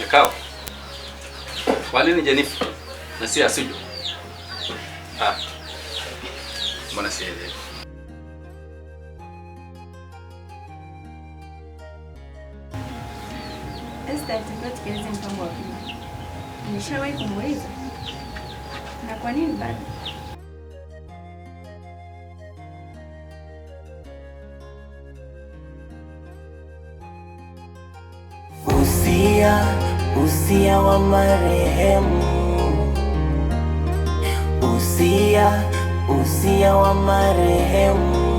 Nyakao. kwa nini Jenifa na si Asijo? Ah, mbona sielewi. Mpango wa pili, kumuuliza na kwa nini bado usia wa marehemu, usia, usia wa marehemu.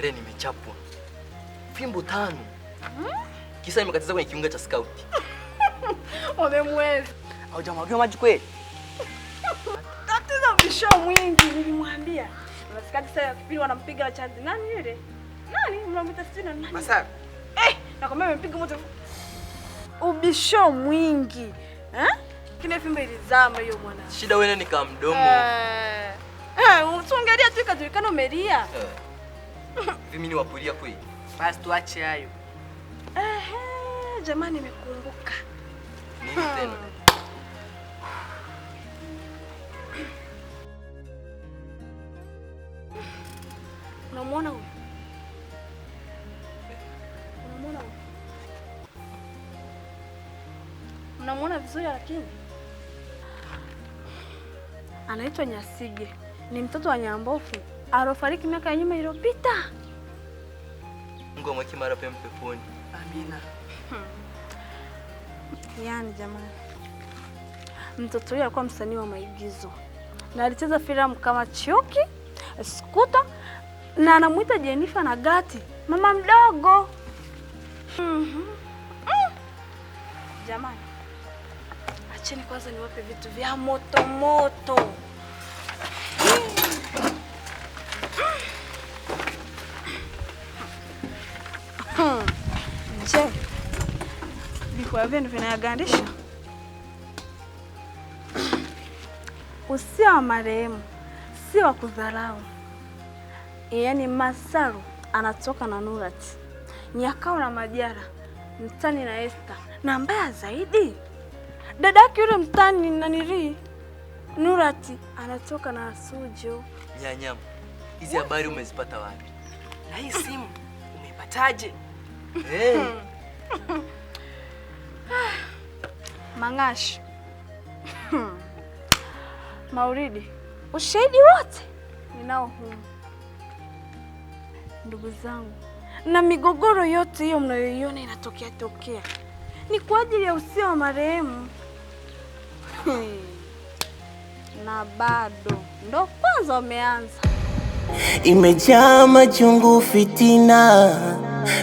nimechapwa fimbo tano, kisa nimekatiza kwenye kiunga cha skauti. Wamemweza au jamaa maji kweli? Show mwingi nilimwambia. Unasikia sasa kipindi chanzi nani yule? Nani sijui nani? Eh, nakwambia moto. Ubisho mwingi. Eh? Kile fimbo ilizama hiyo mwana. Shida wewe mdomo. Eh. eh tu ikajulikana umelia. Eh. Mimi ni kweli. tuache hayo. Eh, jamani nimekumbuka. Nini tena? Unamwona huyo? Unamwona huyo? Unamwona vizuri lakini anaitwa Nyasige. Ni mtoto wa Nyambofu alofariki miaka ya nyuma iliyopita. Mungu amweke mara pema peponi. Amina. Hmm. Yaani jamani, mtoto huyo alikuwa msanii wa maigizo na alicheza filamu kama Chuki, Skuta na anamwita Jenifa na Gati mama mdogo. mm -hmm. mm. Jamani, acheni kwanza niwape vitu vya moto moto. Mm. Je, vifua vyenu vinayagandisha? Usio wa marehemu sio wa kudharau yaani Masaru anatoka na Nurat, Nyakao na Majara mtani na Esther, na mbaya zaidi dada yake yule mtani naniri Nurati anatoka na Sujo. Nyanyam, hizi habari umezipata wapi? Na hii simu umeipataje? Hey. Eh. Mangash Mauridi, ushahidi wote ninao humu ndugu zangu, na migogoro yote hiyo mnayoiona inatokea tokea ni kwa ajili ya usia wa marehemu na bado ndo kwanza wameanza. Imejaa machungu, fitina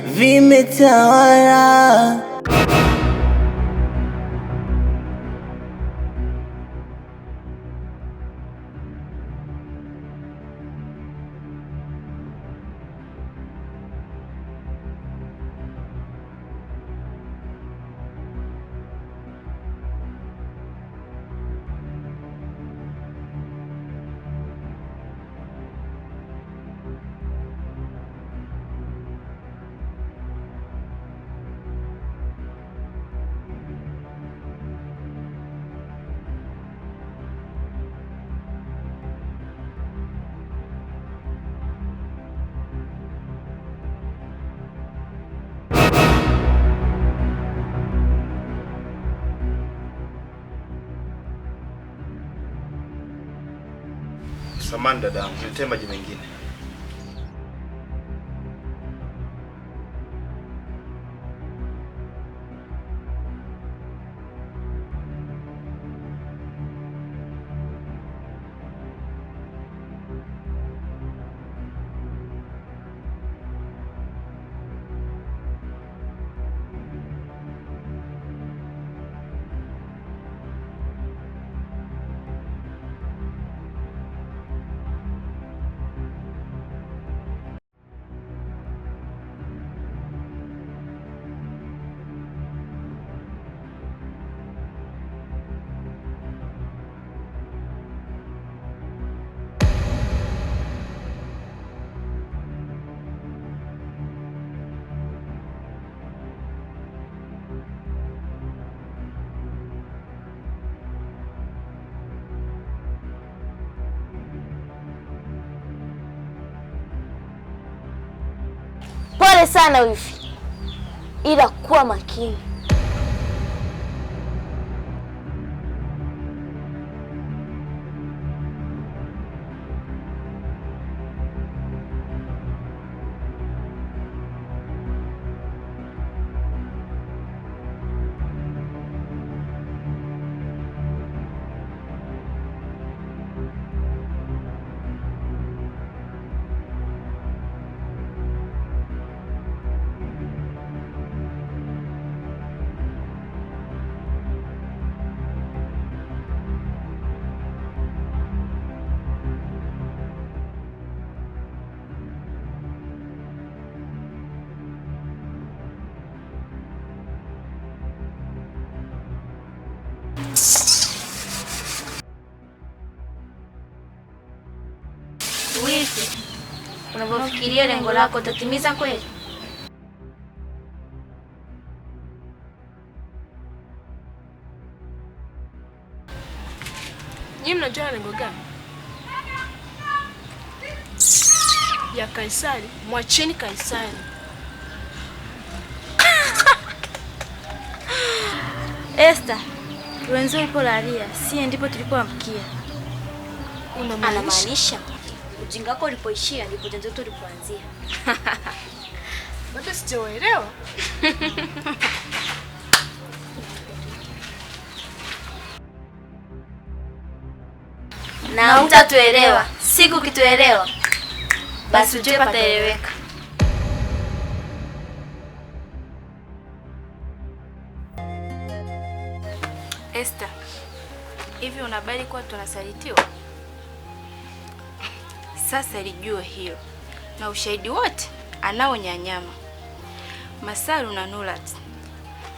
vimetawala. Samahani dadangu, niletee maji mengine. sana wifi, ila kuwa makini. jinsi unavyofikiria lengo lako utatimiza kweli? Nyinyi mnajua lengo gani? Ya Kaisari, mwacheni Kaisari. Esther, wenzo ipo lalia, sie ndipo tulipoamkia. Unamaanisha? Ujinga wako ulipoishia ndipo ujanja wetu ulipoanzia. Bado sijaelewa. Na utatuelewa. Siku kituelewa, basi ujue pataeleweka. Esther, hivi unabali kuwa tunasalitiwa? Sasa lijue hilo, na ushahidi wote anao Nyanyama Masaru na Nulat,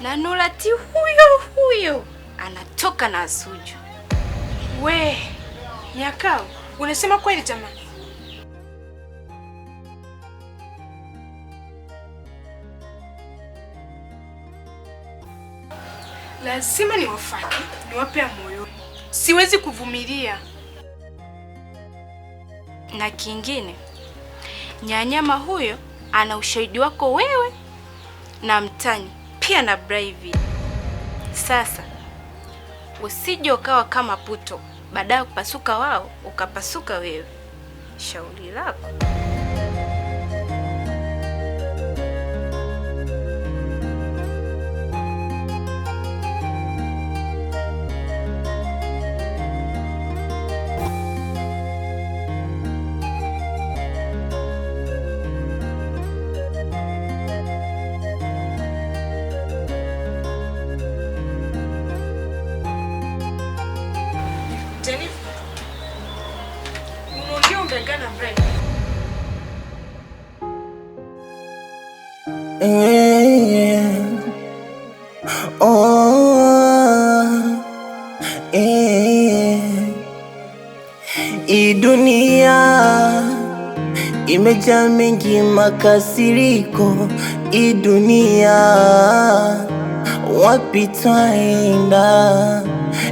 na Nurati huyo huyo anatoka na Asuju. We Nyakao, unasema kweli jamani? Lazima ni niwape moyo, siwezi kuvumilia. Na kingine, nyanyama huyo ana ushahidi wako wewe na mtani pia na Braivi. Sasa usije ukawa kama puto, baada ya kupasuka wao ukapasuka wewe. Shauri lako. yeah. Oh, yeah. Hii dunia imejaa mengi makasiriko, hii dunia wapi twaenda,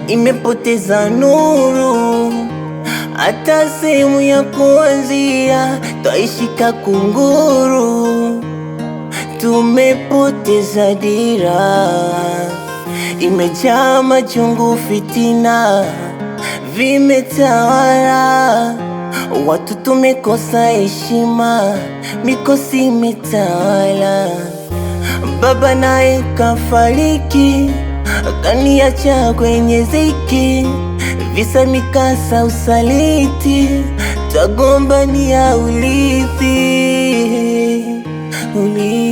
imepoteza nuru hata sehemu ya kuanzia, twaishika kunguru tumepoteza dira, imejaa majungu, fitina vimetawala watu, tumekosa heshima, mikosi imetawala. Baba naye kafariki, kaniacha kwenye ziki, visa mikasa, usaliti, twagombania urithi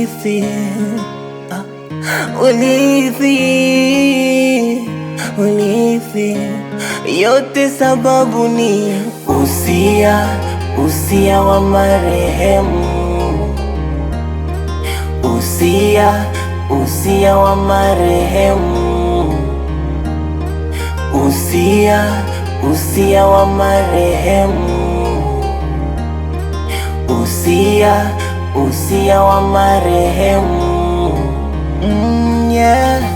urithi, urithi, urithi, yote sababu ni usia, usia wa marehemu, usia, usia wa marehemu, usia, usia wa marehemu, usia usia wa marehemu mm, yeah.